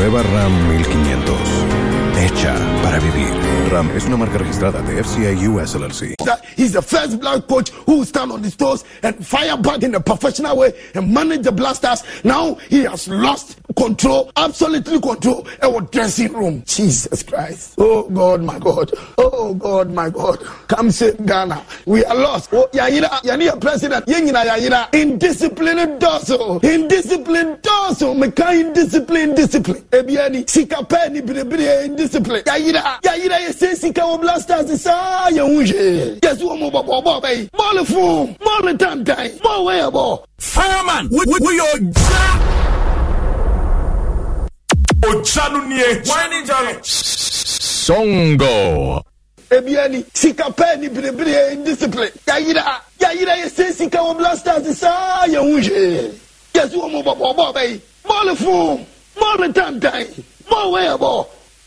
Nueva RAM 1500. Hecha para vivir. RAM es una marca registrada de US LLC. He's the first black coach who stand on the toes and fire back in a professional way and manage the blasters. Now he has lost control, absolutely control, our dressing room. Jesus Christ. Oh God, my God. Oh God, my God. Come save Ghana. We are lost. Oh, Yayira, Yanira president. Yengina Yayira. Indiscipline dozo. Indiscipline dozo. Meka indiscipline, discipline. ebi ani sika pɛɛ ni biribiri indiscipline yayira yayira yɛ se sika wɔ blasters saa yɛ hu hwee yɛsi wɔn mu bɔbɔ bɔɔ bɛyi bɔɔlu fun bɔɔlu tantan bɔɔlu wɛyɛ bɔ. fireman woyɛ ɔja ɔja no nie wani jalo. songo. ebi ani sika pɛɛ ni biribiri indiscipline yayira yayira yɛ se sika wɔ blasters saa yɛ hu hwee yɛsi wɔn mu bɔbɔ bɔɔ bɛyi bɔɔlu fun mɔɔlu tantan mɔɔlu wɛ yɛ bɔ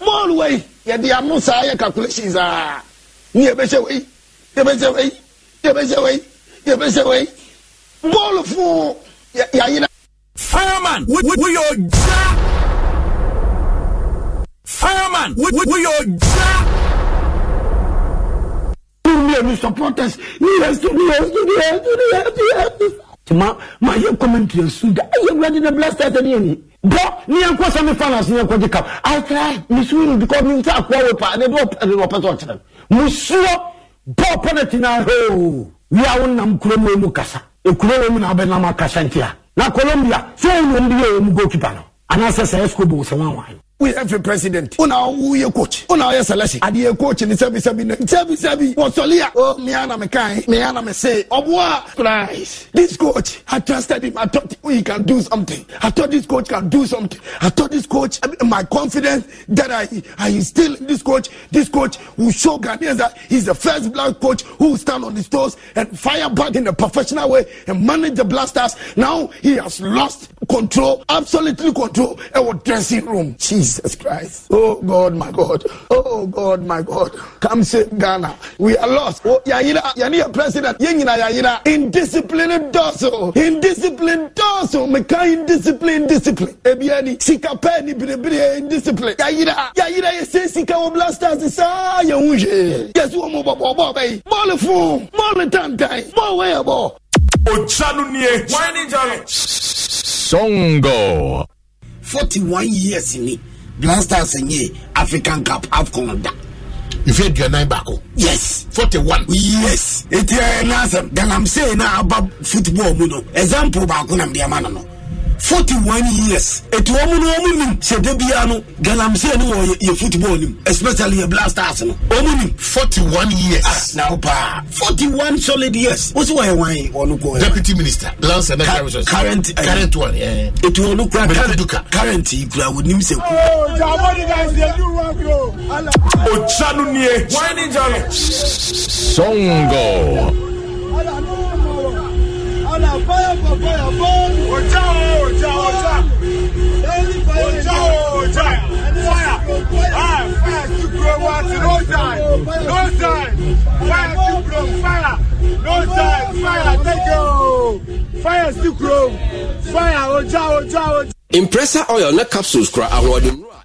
mɔɔlu wɛ yɛde amu saa yɛ calculations aa ni yɛ bɛ sɛ wɛ yɛ bɛ sɛ wɛ yɛ bɛ sɛ wɛ yɛ bɛ sɛ wɛ mɔɔlu fún yàyina. fireman wúyọ̀ já fireman wúyọ̀ já nous supporters, nous les ma, ma, ye commentary, souda, ye, blasters, et bɔ ni yɛn kɔ sami finance ni yɛn kɔ di kam atara misuuru because mi n ta akɔ wo pa ne b'o pɛ ne b'o pɛ sɔn kyerɛ musuo bɔ pɛnɛti na hoo wia wo nam kuro mu emu kasa ekuro mu na abɛ nam akasa ntia na colombia so wo nom bi yɛ emu goalkeeper no anaasɛ sɛ ɛsiko bɔ osɛn awa yi. we every president una woyɛ coach una woyɛ selection adeɛ coach ne sɛbisɛbi no sɛbisɛbi wɔsɔle ana oh, me kai, mekae ana me mese Obua christ this coach i trusted him i thought he can do something i thought this coach can do something i thought this coach my confidence that i i instill in this coach this coach will show ghanaians that he's the first black coach who stand on his toes and fire back in a professional way and manage the blasters now he has lost control, absolutely control our dressing room. Jesus Christ. Oh God, my God. Oh God, my God. Come save Ghana. We are lost. Oh, Yayira, Yanira president. Yenina Yayira. Indiscipline doso. Indiscipline doso. Meka indiscipline discipline. Ebiani. Sika peni bire indiscipline. Yayira. Yayira yese sika wo blasters sa ye unje. Yesu omo bobo bobo bayi. Mole fun. Mole tantai. Mo weyabo. Ojanu nie. Wani jalo songo 41 years in me, blasters nye african cup afcon da your name back? Oh. yes forty one. yes eti ẹ I'm saying about football you know. example baako na mbíyàmá nínú. forty one years etu wɔn no wɔn nim sɛ debia no galamsey ni wɔn yɛ football nim especially yɛ blasters no wɔn nim. forty one years. ah na o paa forty one solid years. o si wɔyɛ wan ye wɔn ko. deputy minister lance and natural resources. current uh, current one. etu wɔn no kura current current yi kura o nim sɛ ku. o ja nu ni ye. wọ́n ní jalo. E. sɔngo fire impressor oil na capsules kura ahoɔden nura.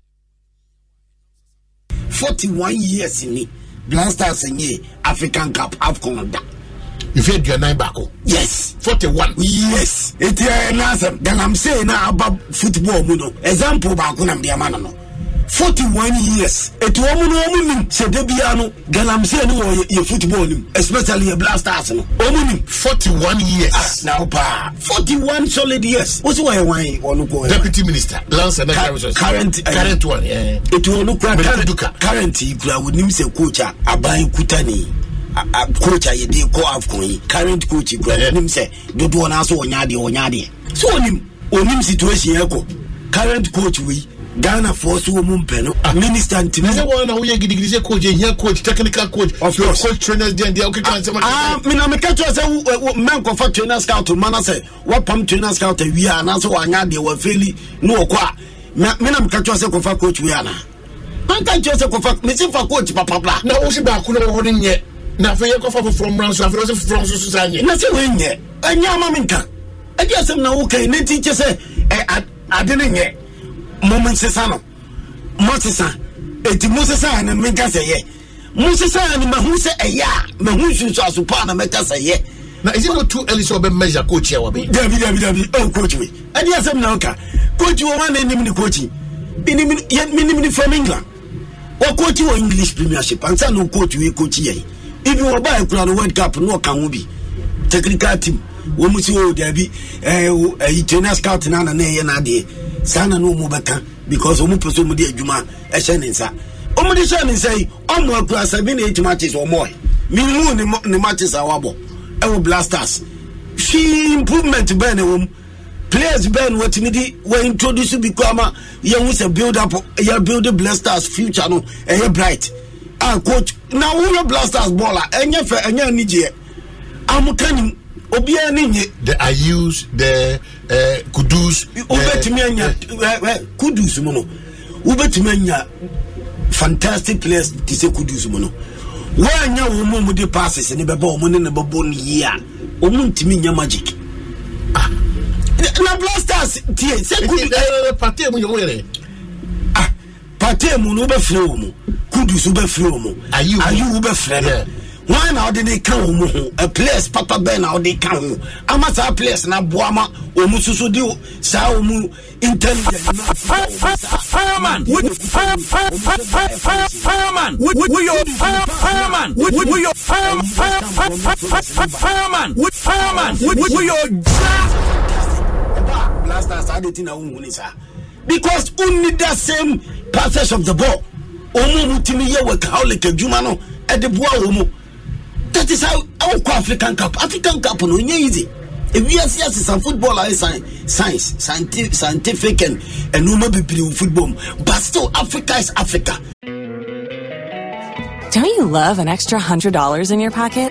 forty one years ni black stars nye african cup afcon da ife aduanan baako. yes forty one. yes eti ẹ n'asẹm galamsey na aba football mu no example baako na mbẹ ama no no forty one years etu wɔn no wɔn nim sɛ debia no galamsey no wɔ yɛ football nim especially yɛ blasters no wɔn oh, nim. forty one years. ah na o paa forty one solid years. o si wɔyɛ wan ye wɔn ko yɛ. deputy minister lance ɛnɛ current current eh, current one. etu wɔn kura current current yi kura wɔn nim sɛ coach a uh, aban kuta ni. coach a yɛde kɔ afcon yi current coach kura nim sɛ dodoɔ naa so ɔnya adeɛ ɔnya adeɛ so onim onim situation ɛkɔ current coach wei Ghana force so wɔn mpɛ no ah. minister ntumi. ɛsɛ wɔn na wɔyɛ gidigidi sɛ coach ehia coach technical coach. of course coach trainers diɛ diɛ okeke kan sɛmɛ. aa mina mi kɛ tura sɛ mɛ nkɔfa trainer scout mana sɛ wɔpam trainer scout awia anaasɛ wɔanya deɛ wɔfeli ne wɔkɔ a mɛ mina mi kɛ tura sɛ kɔfa coach wia na. an ka n kyerɛ sɛ kɔfa mɛ si fa coach papa papabla. na o si baako na wɔwɔ ne nyɛ. na afei yɛkɔfa foforɔ mmra nso afei ɔsɛ foforɔ nso so saa nyɛ na sɛ woɛnyɛ ɛnyɛ ama me nka ɛde asɛm na wokai ne nti kyɛ sɛ ade no nyɛ momehyesa no mosesa ɛti mosesa no menka sɛ yɛ mosesa no mahu sɛ ɛyɛ a mahu nsunsu aso paa na mɛka sɛ yɛ na is it not too early sɛ wɔbɛmeasure coach ɛ wɔbɛ dabi dabi dabi ɔ oh, coach we ɛde asɛm na woka coach wɔma na ɛnim ne coach menim from england wɔcoach wɔ english premiership ansa na wocoach wei coach even ɔba ɛkura no world cup no ɔka ho bi technical team wɔn mu si wɔ dabi ɛyi trainer scout na na ɛyɛ n'adeɛ saa na na wɔn bɛka because wɔn pɛ so wɔn de adwuma ɛhyɛ ne nsa wɔn de hyɛ ne nsa yi ɔmo ɛkura seven na eight matches ɔmo ɛ minimu ne ne matches a wabɔ ɛwɔ blasters hwii improvement bɛn na wɔm players bɛn na wɔtumi de wɔ introduce bi kura ma yɛn ho build up yɛ build blasters future no ɛyɛ bright a coach na woyɛ blasters ball a ɛnyɛ fɛ ɛnyɛ anigyeɛ amoka nim obiara ne nye. the ayus the uh, kudus. wobɛtumi anya eh, eh, eh, kudus mu no wobɛtumi anya fantastic players ti sɛ kudus mu no wɔanya wɔn mu mu de passes ne bɛbɔ wɔn ne ne bɛbɔ ne yie a wɔn ntumi nya magic. Ah. na blasters tie sɛ kudus. pate mu yɛ wɔn yɛrɛ pate mu no wobɛfrɛ wɔ mu kudus wobɛfrɛ wɔ mu ayi wobɛfrɛ no wọn na ọdị dị ka ọmụ hụ a place papa bẹẹ na ọdị ka ọmụ ama saa place na bụ ama ọmụ soso dị saa ọmụ intelligent na fireman fireman wuyọ fireman fireman fireman ẹ bá blaster sáà de ti na ohun ni sáà. because who need that same passage of the ball ɔmo mu timi yɛ wɔ catholic adwuma no ɛde boa wɔn mu that is how awokɔ african cup african cup no nye easy ewiase asesa football ayɛ eh, science science scientific and ɛnuma bebree wɔ football but still africa is africa. don't you love an extra hundred dollars in your pocket.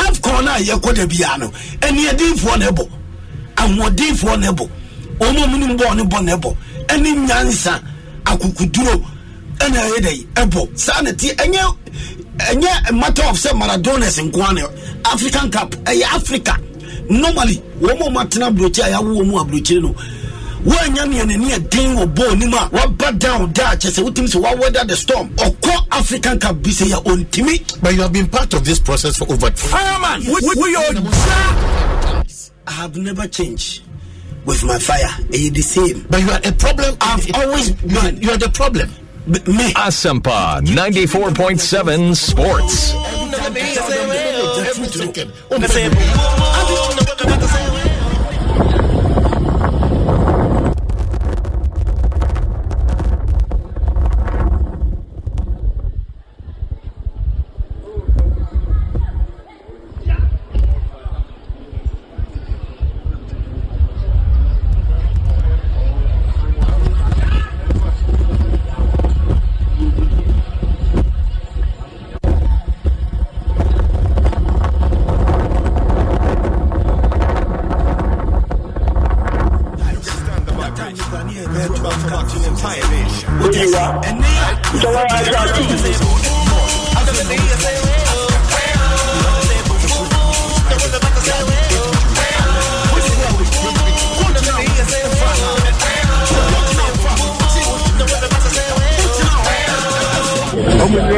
afcon a yɛkɔ da biara no ɛniɛdenfoɔ na ɛbɔ ahoɔdenfoɔ na ɛbɔ wɔn a wɔn bɔɔ ne bɔ na ɛbɔ ɛne nyansa akokoduro ɛna ɛyɛ dɛ ɛbɔ saa na ti ɛnyɛ ɛnyɛ matter of sɛ maradonas nkoa na african cup ɛyɛ africa normally wɔn a wɔn atena aburokyi a yɛawo wɔn aburokyi no. woanya neanani ɛden wɔ a waba down kyɛ sɛ wotumi sɛ the storm ɔkɔ african cup bi sɛ yɛ but you have been part of this process for over fireman I have never changed with my fire. Are you the same? But you are a problem. I've always been. You, are the problem. B- me. Asempa 94.7 Sports.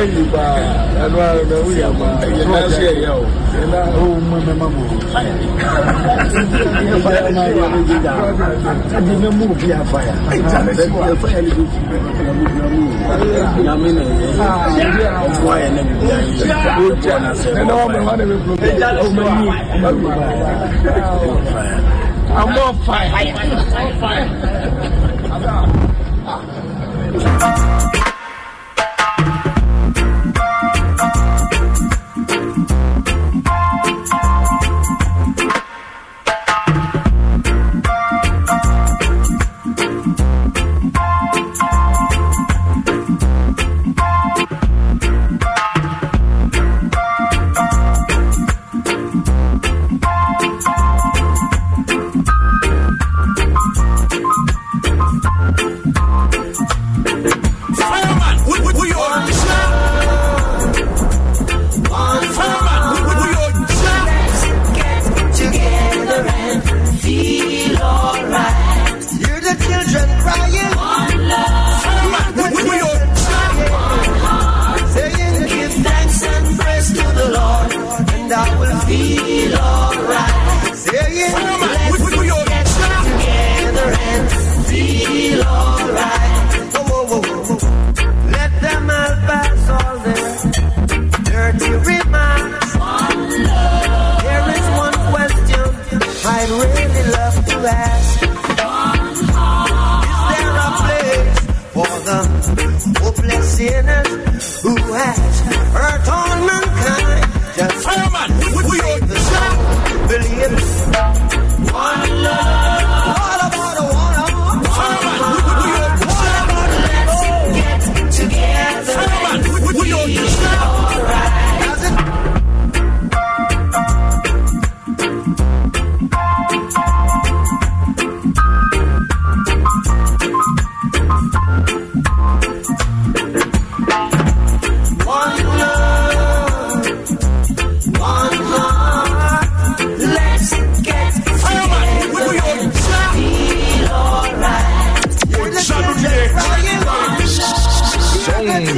enyi ba ɛnu ara na wuya ma yɛna se ɛyɛ o o mu mɛ ma mu o ɛfɛ yɛ ma yɛ ne bi da ɛdi mɛ mu bi afa ya ɛfɛ yɛ ne bi I'm on fire. I'm on fire.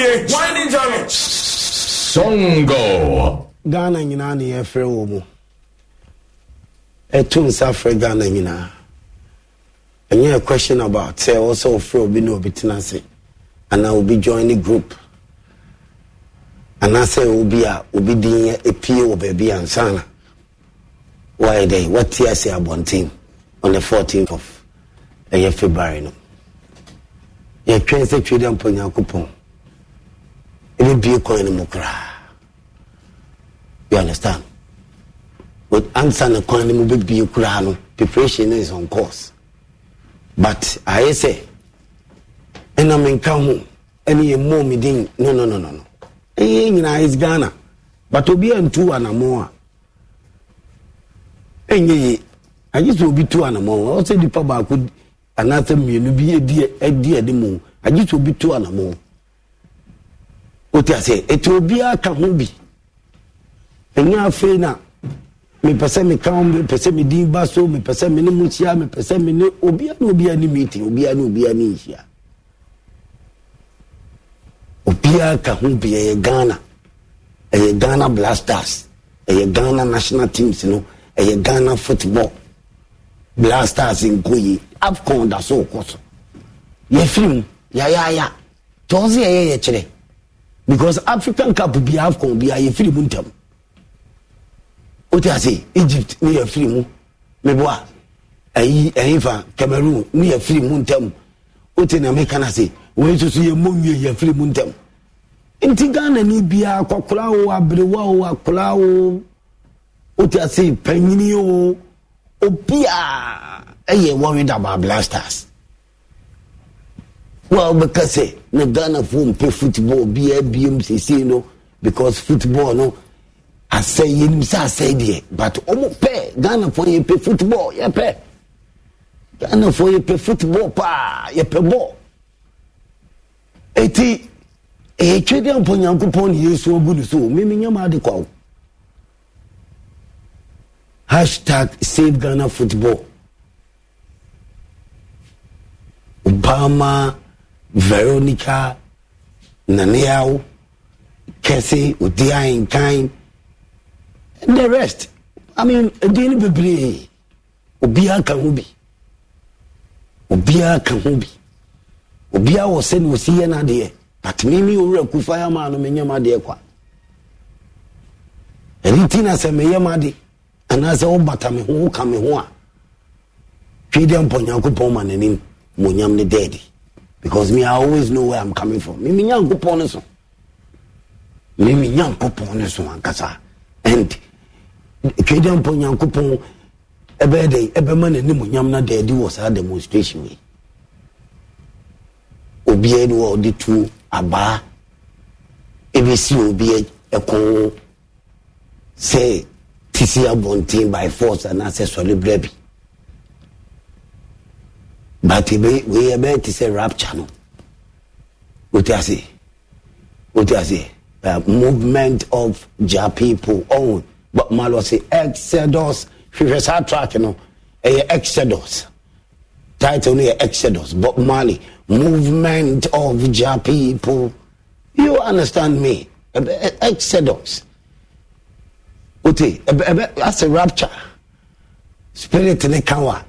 ph wine journal songo ghana nyinaa ni yɛfrɛ wɔ mu ɛto nsa frɛ ghana nyinaa ɛnyɛ a question about sɛ ɛwɔ sɛ wofrɛ obi na obi tena ase anaa obi join ne group anaasɛ obi a obi din epie wɔ baabi ansana wayɛ dɛ a ase abɔnten on the fourteenth of ɛyɛ february no yɛtwɛn sɛ twɛ dɛ mpo nyankopɔn ebi bie kwan ne mu koraa you understand but ansa na kwan ne mu bɛ bie koraa no preparation is on course but ayɛ sɛ ɛnam nka ho ɛne yɛ mmɔɔ mi din no no no no no ɛyɛ nyinaa is ghana but obi a ntu anamɔ a ɛnyɛ yie agye sɛ obi tu anamɔ ɔsɛ nipa baako anaasɛ mmienu bi adi adi e ɛde mu agye sɛ obi tu anamɔ wote ase eti obiara ka ho bi ɛnyɛ afei na mepɛ sɛ meka ho mepɛ sɛ ba so mepɛ sɛ mene mo hyia mepɛ sɛ mene obiara ne obiara ne meeting obiara ne obiara ne nhyia obiara ka ho bi ɛyɛ ghana ɛyɛ ghana blasters ɛyɛ ghana national teams no ɛyɛ ghana football blasters nkoye afcon da so kɔ so yɛfiri mu yayaya tɔn se yɛyɛ yɛkyerɛ because african cup bi afcon bi a yɛfiri mu ntam wote ase egypt ne yɛfiri mu meboa ayi ayi fa cameroon ne yɛfiri mu ntam wote na meka na se wɔn soso yɛ mɔ nwie yɛfiri mu ntam nti ghana ni bia akɔkora o aberewa o akora o wote ase panyini o obi a ɛyɛ e wɔredaba blasters Well, because sɛ eh, Ghana ghanafoɔ mpɛ football biaa biam sesei no because football no asɛe yɛnim sɛ asɛe deɛ but ɔmo pɛ ghanafoɔ yɛpɛ football yɛpɛ ghanafoɔ yɛpɛ football paa yɛpɛ ball ɛti ɛyɛ eh, twɛdeɛ mpɔ nyankopɔn ne yesu agu ne so memenyama ade kwa wo hashtag save ghana football obama veronica naneawo kɛse odian kan the rest i mean edin no bebree obiara ka ho bi obiara ka ho bi obiara wɔ sɛ ne osi yɛ n'adeɛ but mimi owura kufa ya maa no mi nyɛ ma deɛ kwa ɛni ti na sɛ mi yɛ ma de anaasɛ wo bata mi ho wo ka mi ho a twi dɛ mpɔ nyankopɔn ma n'anim mo nyam ne dɛɛdi because me i always know where i'm coming from mímí nyankopɔn ne so mímí nyankopɔn ne so ankasa and twɛdɛ mpɔ nyankopɔn ɛbɛyɛ dɛ ɛbɛma n'anim nyam na dɛ ɛdi wɔ saa demonstration yi obiara ni wɔ ɔde tuo abaa ebesi obiara ɛkɔn sɛ tisi abɔnten by force anaasɛ sɔlibrɛ bi. but wei meant te sɛ rapture no wote ase wote uh, movement of ja people Oh, but malo se exodus you start track no ɛyɛ eh, exodus title no exodus but mali movement of ja people you understand me eh, eh, exodus wote ɛbɛ ɛbɛ rapture spirit in the wa.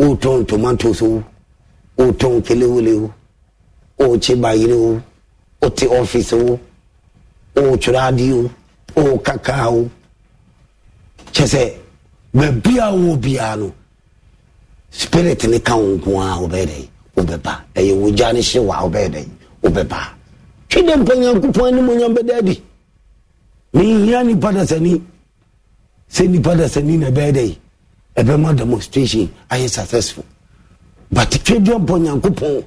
wotɔn tomatoes wo wotɔn kelewele wo wokye bayere wo wote ɔfise wo o ade wo wokaka wo kyɛ sɛ baabi a wo biara no spirit ne ka wo nko a wobɛyɛ dɛn wobɛba ɛyɛ wogya ne hye wa wobɛyɛ dɛn wobɛba twe dɛ mpa nyankopɔn anim onyam bɛda adi mehia nipa dasani sɛ nipa dasani na ɛbɛyɛ dɛn ɛbɛma demonstration ayɛ successful but twɛdi abɔ nyankopɔn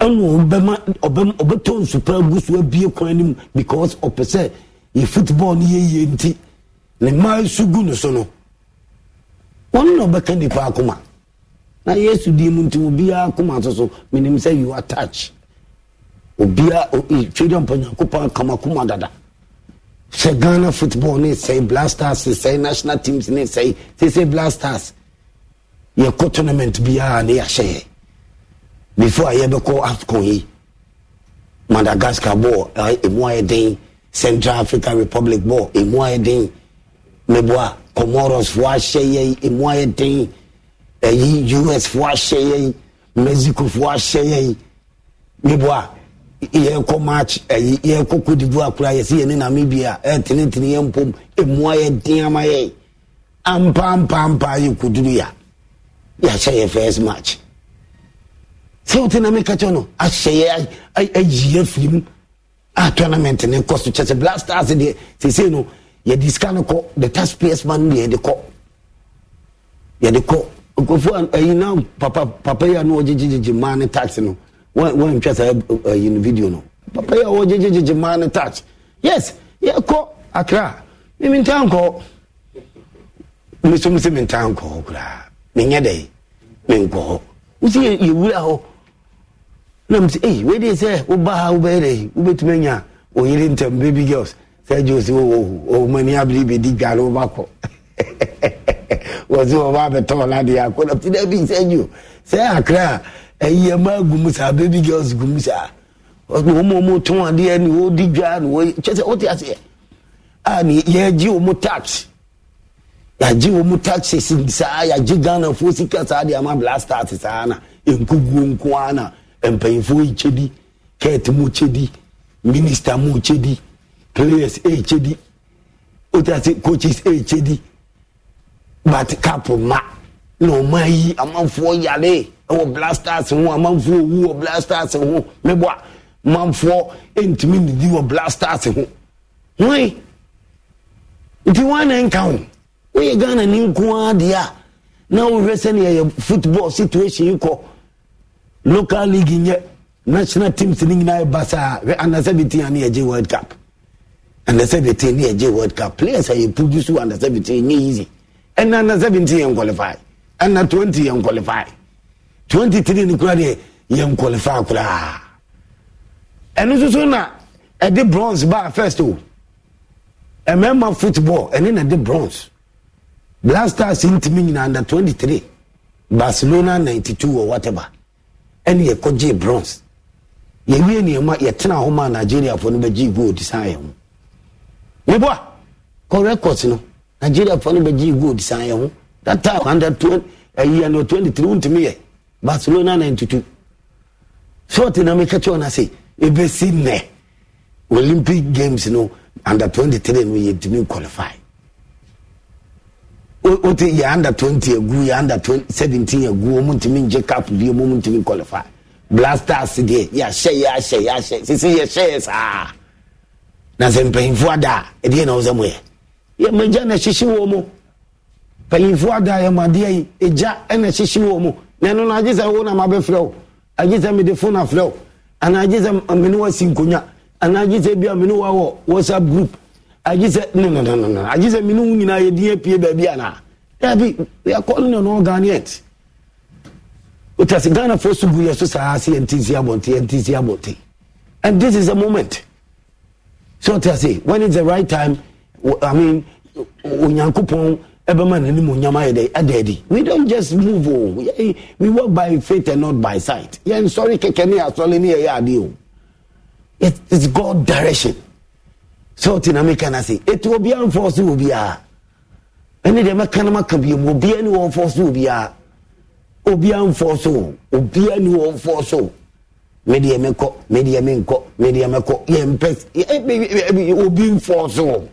ɛna ɔbɛma ɔbɛm ɔbɛtɔ nsupra gu so abie kwan no mu because ɔpɛ sɛ yɛ football no yɛ yie nti ne mmaa su gu ne so no wɔn na ɔbɛka nipa akoma na yesu di mu nti obiara akoma so so menim sɛ you are touch obiara twɛdi abɔ nyankopɔn akamakoma dada sɛ ghana football ne sɛe blasters sɛe national teams ne sɛe sɛsɛ blasters yɛkɔ tournament biara ne yɛahyɛ yɛ before a yɛbɛkɔ afcon yi madagascar ball ɛmu ayɛ den central Africa republic ball ɛmu ayɛ den meboa comoros fo ahyɛ yɛ ɛmu ayɛ den ɛyi eh, us fo ahyɛ yɛ mexico fo ahyɛ yɛ meboa yɛkɔ march ɛyi yɛkɔ kodibu akora yɛsi yɛne namibia ɛtenetene yɛ mpom ɛmua yɛ den ama yɛ ampampaampa yɛ koduru ya yɛahyɛ yɛ first match sɛ wote na meka kyɛ no ahyɛ yɛ ayi afiri mu a tournament ne kɔ so kyɛ sɛ blastars deɛ seesei no yɛde sika no kɔ the tax payers man deɛ yɛde kɔ yɛde kɔ nkurɔfoɔ ayi na papa papa yi a no wɔgyegyegyegye maa ne tax no wantwa saa ayi no video no papa yi a wɔgyegyegyegye maa no touch yes yɛkɔ akra mimi ntaa nkɔ mesom sɛ mentaa nkɔ hɔ koraa menyɛ dɛ menkɔ hɔ wosi yɛwura hɔ na msɛ ei eh, wede sɛ woba ha wobɛyɛ dɛ wobɛtumi anya oyere oh, ntam baby girls sɛ gye osi ɔmani abere bɛdi dware wobakɔ wɔse wɔba abɛtɔ ɔladeɛ akɔ na ti da bi sɛ gyo sɛ akra ɛyi ɛma gum saa baby girls gum saa wɔn a wɔn tɔn adeɛ ni wɔn di dwa ni wɔn kyɛ sɛ wɔte aseɛ a ni yɛgye wɔn tax yɛagye wɔn taxes saa yɛagye ghana fo sika saa de ama blasters saa na nkuguo nkoa na mpanyinfoɔ yi kyɛ di kɛɛte mu kyɛ di minista mu kyɛ di players ɛyɛ kyɛ di wɔte ase coaches ɛyɛ kyɛ di but cap ma na ɔma yi amanfoɔ yare ɛwɔ blasters ho amanfoɔ owu wɔ blasters ho mebɔ a amanfoɔ ntumi nidi wɔ blasters ho wɔn nti wɔn anan ka ho wɔyɛ ghana ne nko adeɛ a na wohwɛ sɛnea yɛ football situation yi kɔ local league nyɛ national teams ne nyinaa Basa. saa hwɛ anasɛ bi tin ane yɛgye world cup anasɛ bi tin ne yɛgye world cup players a yɛ produce wɔ anasɛ bi tin nyɛ easy ɛna anasɛ bi tin yɛn qualify ɛna twenty yɛn qualify twenty three ni kura deɛ yɛn qualify koraa ɛno soso na ɛde bronze baa first o mmarima football ɛne na ɛde bronze blasters ntumi nyinaa under twenty three barcelona ninety two or whatever ɛne yɛkɔ gye bronze yɛwie nneɛma yɛtena hɔ ma nigeriafoɔ no bɛgye gold san yɛn ho meboa kɔ records no nigeriafoɔ no bɛgye gold san yɛn ho. that time under 20 ɛyi under 23 won't me barcelona 92 short na meka say? If you see nɛ olympic games no under 23 need to qualify wote yɛ under 20 agu yɛ under 20, 17 agu ɔmu ntumi up cup bi ɔmu ntumi qualify blasters deɛ yɛahyɛ yɛahyɛ yɛahyɛ sisi yɛhyɛ yɛ saa na sɛ mpanyinfoɔ ada ɛdeɛ e na ɔsɛ mo yɛ yɛ magya na hyehye wɔ mu panyinfoɔ adayɛmadeɛ yi egya ɛna ɛhyehyɛ wɔ mu na ɛno na agye sɛ wo na ma bɛfrɛ wo agye sɛ mede fo na frɛ wo anaa agye sɛ mene wasi nkonnwa anaa agye sɛ bia mene wa wɔ whatsapp group agye sɛ nenenenene agye sɛ mene wo nyinaa yɛdin apue baabi anaa dabi we are calling on all ghanaians wotase ghanafoɔ so gu yɛ so saa se yɛntesi abɔnte yɛntesi abɔnte and this is a moment so wotase when is the right time i mean onyankopɔn ɛbɛma n'anim onyama yɛ dɛ ɛda we don't just move o oh. we eh, work by faith and not by sight yɛn sɔre kɛkɛ ne asɔre ne yɛyɛ ade o it is god direction so ti na mi ka na se etu obiara nfɔɔso obiara ɛne deɛ mɛka na maka bi mu obiara ne wɔn fɔɔso obiara obiara nfɔɔso obiara ne wɔn fɔɔso me deɛ mɛkɔ me deɛ mɛnkɔ me deɛ mɛkɔ yɛn pɛ obi nfɔɔso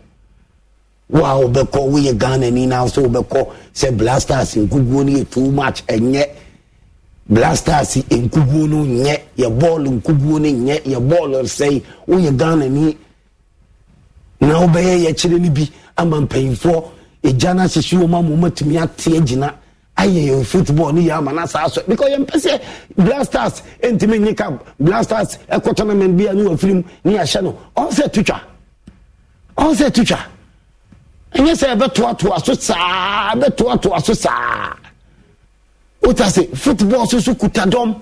wo a wobɛkɔ woyɛ ghana ni na so wobɛkɔ sɛ blasters nkuguo no yɛ too much ɛnyɛ eh, blasters nkuguo no nyɛ yɛ bɔɔl nkuguo no nyɛ yɛ bɔɔl sɛi woyɛ ghana ni na wobɛyɛ yɛkyerɛ no bi ama mpanyinfoɔ e egya no ahyehye wɔn ama wɔn atumi ate agyina ayɛ yɛn football ne yɛ ama na saa so because yɛn mpɛ sɛ blasters ntumi nyi ka blasters ɛkɔ e tournament bi a ne wɔ firim ne yɛahyɛ no ɔn sɛ tutwa ɔn sɛ tutwa. ɛnyɛ sɛ ɛbɛtoatoa so saa ɛbɛtoatoa so saa wota sɛ football so so kuta dɔm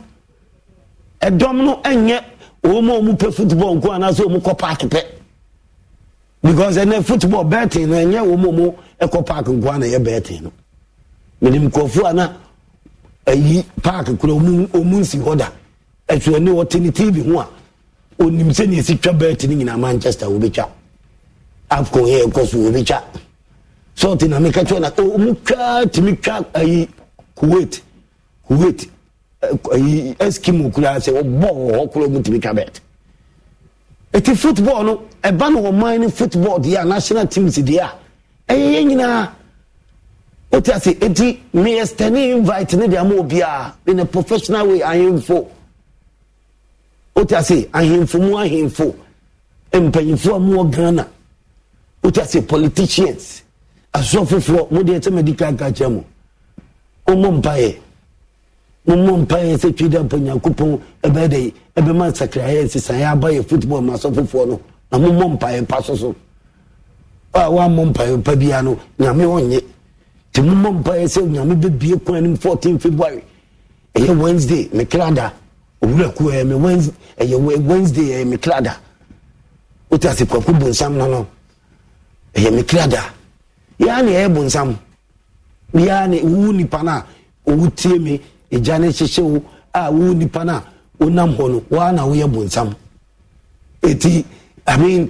ɛdɔm no ɛnyɛ wɔn a pɛ football nko anaasɛ wɔn kɔ park pɛ because ɛnɛ football no ɛnyɛ park nko ana ɛyɛ no mɛnim nkurɔfoɔ ana ɛyi park kura wɔn nsi hɔ da ne ne tv twa no manchester wɔbɛtwa afcon yɛ ɛkɔ so wɔbɛtwa. so nti na meka kyerɛ na ɔmu oh, twa tumi twa ayi kuwait kuwait eh, ayi eskimo koraa sɛ ɔbɔɔ hɔ koraa ɔmu tumi twa bɛt ɛti football no ɛba no ɔman ne football deɛ a national teams deɛ a ɛyɛ yɛ nyinaa ti ase eti meyɛstɛne invite ne de ama obiara in a professional way ahemfo wote ase ahemfo mu ahemfo mpanyinfoɔ a mu wɔ ghana wote ase politicians asɔ foforɔ mo deɛ sɛ madi kaka kyɛ mo mommɔ mpaeɛ mommɔ mpaeɛ sɛ twi da mpa nyankopɔn ɛbɛyɛ dɛ ɛbɛma nsakraeɛ nsesaeɛ aba yɛ football ma asɔ foforɔ no na mommɔ mpaeɛ mpa so so a woammɔ mpaeɛ mpa biara no nyame ɔnyɛ nti mommɔ mpaeɛ sɛ nyame bɛbie kwan no 14 february ɛyɛ wednesday mekrada owura ku ɛyɛ me wednesday ɛyɛ wednesday ɛyɛ mekrada wote se kwaku bonsam no no ɛyɛ mekrada ya na ɛbu nsam ya na wu nipa na owu tie mi egya na hyehyɛ wo a wu nipa na onam hụ no wa na ya bu nsam eti i mean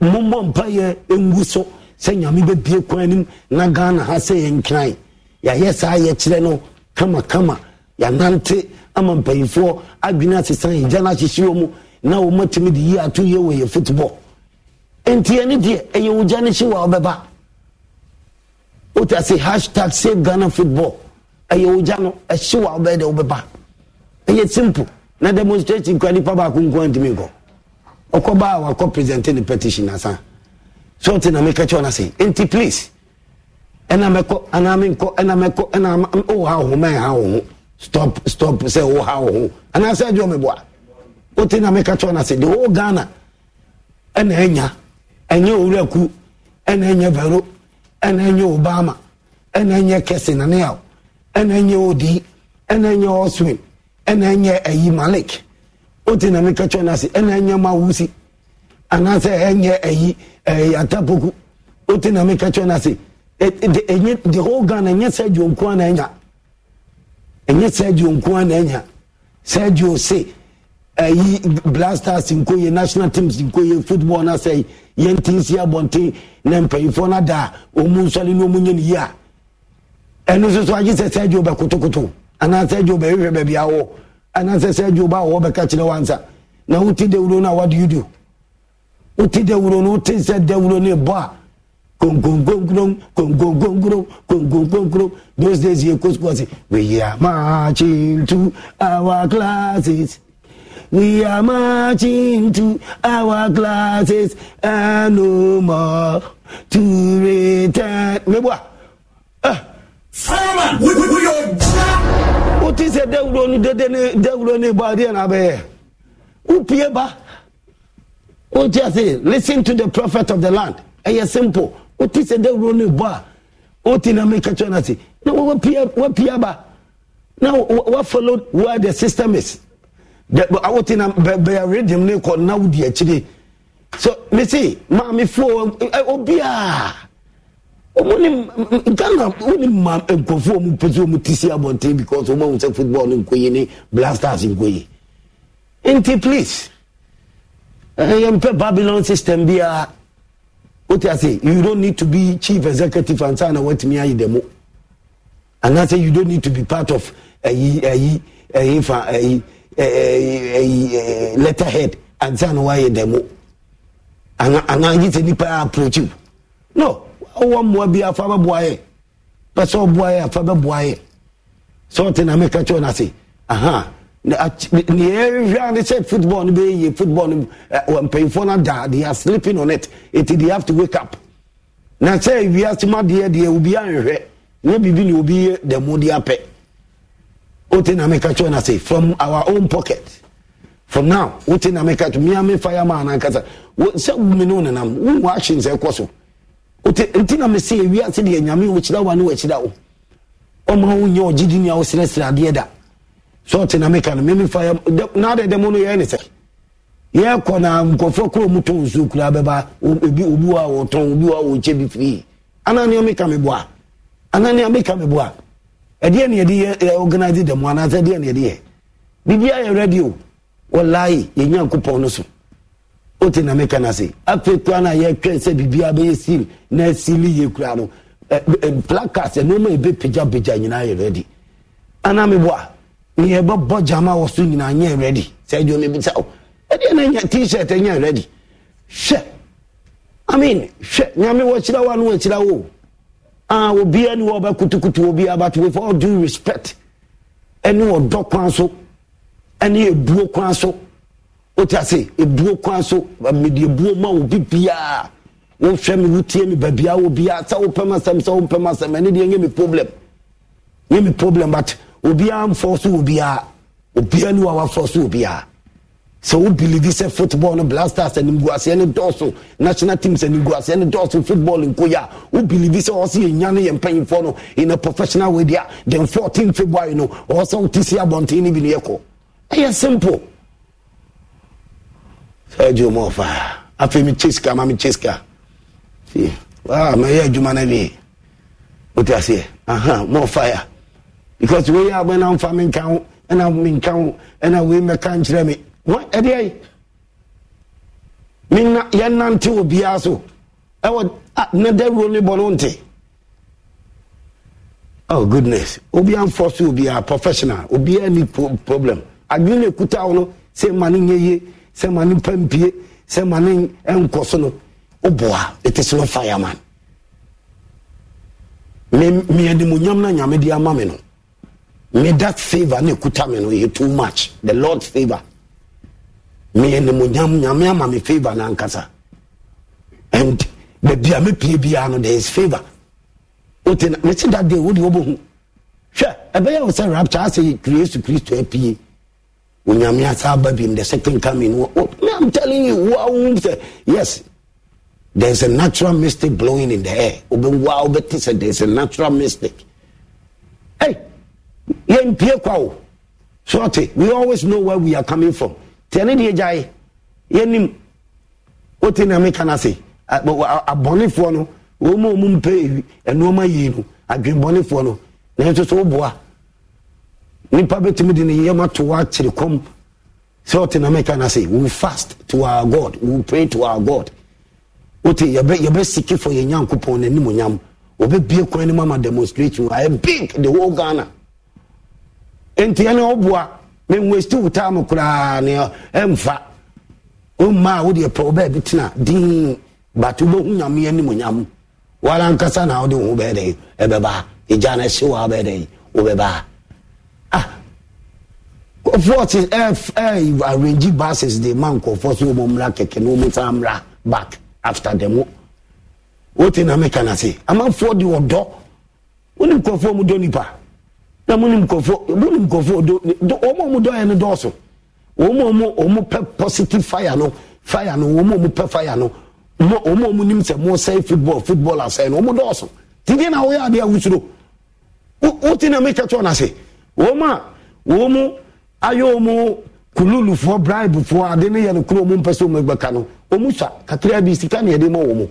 mmɔmmɔ mpa yɛ engu so sɛ nyame bebie kwan anim na ghana ha sị ya nkran ya yɛayɛ saa yɛkyerɛ no kamakama yɛanante ama mpanyinfoɔ adwene asesan egya no ahyehyɛ wɔn na wɔn atumi de yi ato yie wɔ yɛ football ntiɛ ne deɛ ɛyɛ ogya ne hye wɔ ɔbɛba. wote ase hashtag save ghana football ɛyɛ ogya no ɛhye wɔ abɛɛ dɛ wobɛba ɛyɛ simple na demonstration kura nipa baako nko ntumi nkɔ ɔkɔ baa wakɔ presente ne petition asa so wote na meka kyɛw no ase nti please ɛna mɛkɔ anaa menkɔ ɛna mɛkɔ ɛna woha wo ho mɛha wo ho stop stop sɛ woha wo ho anaasɛ adwo meboa wote na meka kyɛw no ase de wo ghana ɛna anya ɛnyɛ owuraku ɛna anya baro ɛna nye obama ɛna nye kesinaniel ɛna nye odi ɛna nye oswin ɛna nye ɛyi malik oti na nika twɛ n'ase ɛna nye mawusi anaasɛ ɛnyɛ ɛyi ɛyi atapoku oti na nika twɛ n'ase ɛdi e, ɛnye e the whole ghana ɛnyɛ e sɛdio nkoa na ɛnya ɛnyɛ sɛdio nkoa na ɛnya sɛdio se ɛyi blasters nkoye national teams nkoye football na sɛyi yɛnti si abɔnten na mpanyinfoɔ no da ɔmu nsɔre na ɔmu nye ne yie a ɛno agye sɛ sɛ agye ɔbɛ kotokoto anaasɛ agye ɔbɛ hwehwɛ baabi awɔ anaasɛ sɛ agye ɔbɛ awɔ bɛka kyerɛ wansa na wote dawuro no a what do you do dawuro no wote sɛ dawuro no ɛbɔ a konkonkonkron konkonkonkron konkonkonkron those days yɛ kosikosi we are marching to our classes. We are marching to our classes and no more to return. Meboa. Fireman, eh. we we we are. What is a devil on the devil on the body and abe? Upieba. What you say? Listen to the prophet of the land. Ẹyẹ simple. What is a devil on the bar? What in America China say? No, what pia what pia ba? Now what follow where the system is? awote na bɛyɛ radium ne kɔ na wodi akyire so mesi maamefoɔ obiaa ɔmo ne ghana wone ma nkurɔfoɔ mu pɛ sɛ ɔmu te si abɔnten because ɔmahu sɛ football no nkɔyi ne blasters nkɔyi nti please yɛmpɛ babylon system biara wote ase you don't need to be chief executive and ansa na me ayi And mo say you don't need to be part of ayi ayi ayi fa ayi Eh, eh, eh, letterhead ansa na wayɛ dɛmo anaa gye sɛ nipa approach wo no wowɔ mmoa bi afa bɛboayɛ pɛ sɛ ɔboayɛ afa bɛboayɛ sɛ ɔte na meka kyɛw no ase aha neyɛhwɛ ne sɛ football no bɛyɛ football no mpanyimfoɔ no ada they are sleeping on it ɛti they have to wake up na sɛ wiase ma deɛ deɛ obi anhwɛ nyɛ biribi ne obi yɛ dɛmo de apɛ wotin na meka kyerɛ na from our own pocket for now wotin na meka miami fireman e me fire ma anankasa sɛ wumi ne wonenam wowɔ action sɛ ɛkɔ so nti na mesɛ ɛwiase deɛ nyame wɔkyira wa o wɔakyira wo ɔma a wosrɛsrɛ adeɛ da na no na adɛ dɛ no na mu kura obi obi wa obi wa bi firi ɛdeɛ ne yɛde yɛ organize dɛm anaasɛ ɛdeɛ ne yɛde yɛ Bibi yɛ radio wɔlaayi yɛn nyankopɔn no so na meka no ase afei kora na a yɛtwɛn sɛ biribiara bɛyɛ seal na asili yɛ kura no placards ebe pagyapagya nyinaa yɛ ready anamibɔa ne yɛbɛbɔ wɔ so nyinaa nyɛ ready sɛ o ɛdeɛ na nya t-shirt ready hwɛ i mean hwɛ nyame wo a ah, obiara ni wɔn bɛkutukutu obiara but with all due respect ɛne ɔdɔ kwan so ɛne ebuo kwan so o ti ase ebuo kwan so mmedi ebuo ma obi biara wohwɛ mi wotie mi baabi a wo biara sɛ wo pɛm asɛm sɛ wo pɛm asɛm ɛne deɛ nye mi problem nye mi problem but obiara nfɔ so obiara obiara ni wɔn afɔ so obiara sɛ wo believe sɛ football no blasters animguaseɛ no dɔɔso national teams animguaseɛ no dɔɔso football nkoyi a wo believe sɛ ɔwɔ sɛ yɛnya no yɛ mpanyimfoɔ no in a professional way dea then 14 february no ɔwɔ sɛ wote si abɔnten ah, no bi no yɛkɔ ɛyɛ simple sɛ agye mu ɔfa afei mekye sika ma mekye sika mɛyɛ adwuma no wie wote aseɛ aha mɔɔfa a because wei abɛ na mfa menka ho ɛna menka ho ɛna wei mɛka nkyerɛ me wọn ɛde ayi mi na yɛn nante obiara so ɛwɔ a na dawuro ne bɔ no nte oh goodness obiara nfɔ so obiara professional obiara ni problem adwene na ekuta wɔn no sɛ ma ne nye yie sɛ ma ne pampie sɛ ma ne nkɔ so no o bɔ a it is no fireman mi mi ɛnimunyam na nyame di ama mi no mi that favour na ekuta mi no yɛ too much the lord favour. meyɛ nyam nyam ama me favor na ankasa and baabi a mepie biara no there is favor wote mese da de wode wobɛhu hwɛ ɛbɛyɛ wo say rapture asɛ yesu kristo apue onyame sa aba in the second coming i'm telling you wow yes there's a natural mystic blowing in the air wobɛwua wobɛte sɛ there's a natural mystic hey yɛmpie kwa wo so we always know where we are coming from tiɛne deɛ gyae yɛnim wote na meka no ase abɔnefoɔ no wɔma ɔmu mpɛ ɛnoɔma yii no adwenbɔnefoɔ no nanso so woboa nipa bɛtumi de ne yɛma to wɔ akyere kɔm sɛ ɔte na meka no ase we fast to our god we pray to our god wote yɛbɛsiki fɔ yɛ nyankopɔn no animonyam wɔbɛbie kwan no mu ama demonstration ayɛ big the whole ghana enti ɛne woboa mewesti wotaa mo koraa ne ɛmfa eh, ɔmmaa wodeɛ pɛ wobɛɛbi tena din but wobɛhu nyameɛ nimonyam wala nkasa na wode wo ho bɛɛ dɛn ɛbɛbaa ɛgya no ɛhye wa wobɛɛ dɛn wobɛbaa ah. kɔfoɔ te eh, eh, arrange buses de ma nkɔfoɔ so wɔmɔ mmra kɛkɛ na wɔmɔ san mmra back after o wote na meka na se amanfoɔ de nkɔfoɔ mu dɔ nipa na mu ni nkurɔfoɔ mu ni nkurɔfoɔ do do wɔn a wɔn dɔɔyɛ no dɔɔso wɔn a wɔn wɔn pɛ positive fire no fire no wɔn a wɔn pɛ fire no wɔn a wɔn nim sɛ wɔn sɛ football football asɛn no wɔn dɔɔso titi na wɔyɛ adeɛ awusoro wọ́n ti na mi kẹ́tọ́ na se wọ́n a wọ́n mu ayé wọ́n mu kululufoɔ braibufoɔ ade ne yɛ no kuro wɔn mpɛ sɛ wɔn gbɛka no wɔn mu sa kakra bi sika na yɛde ma wɔn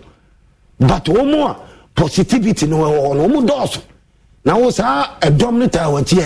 but wɔn a positivity no ɛwɔ hɔ wɔn dɔɔso na wo saa ɛdɔm no taa wɔkyeɛ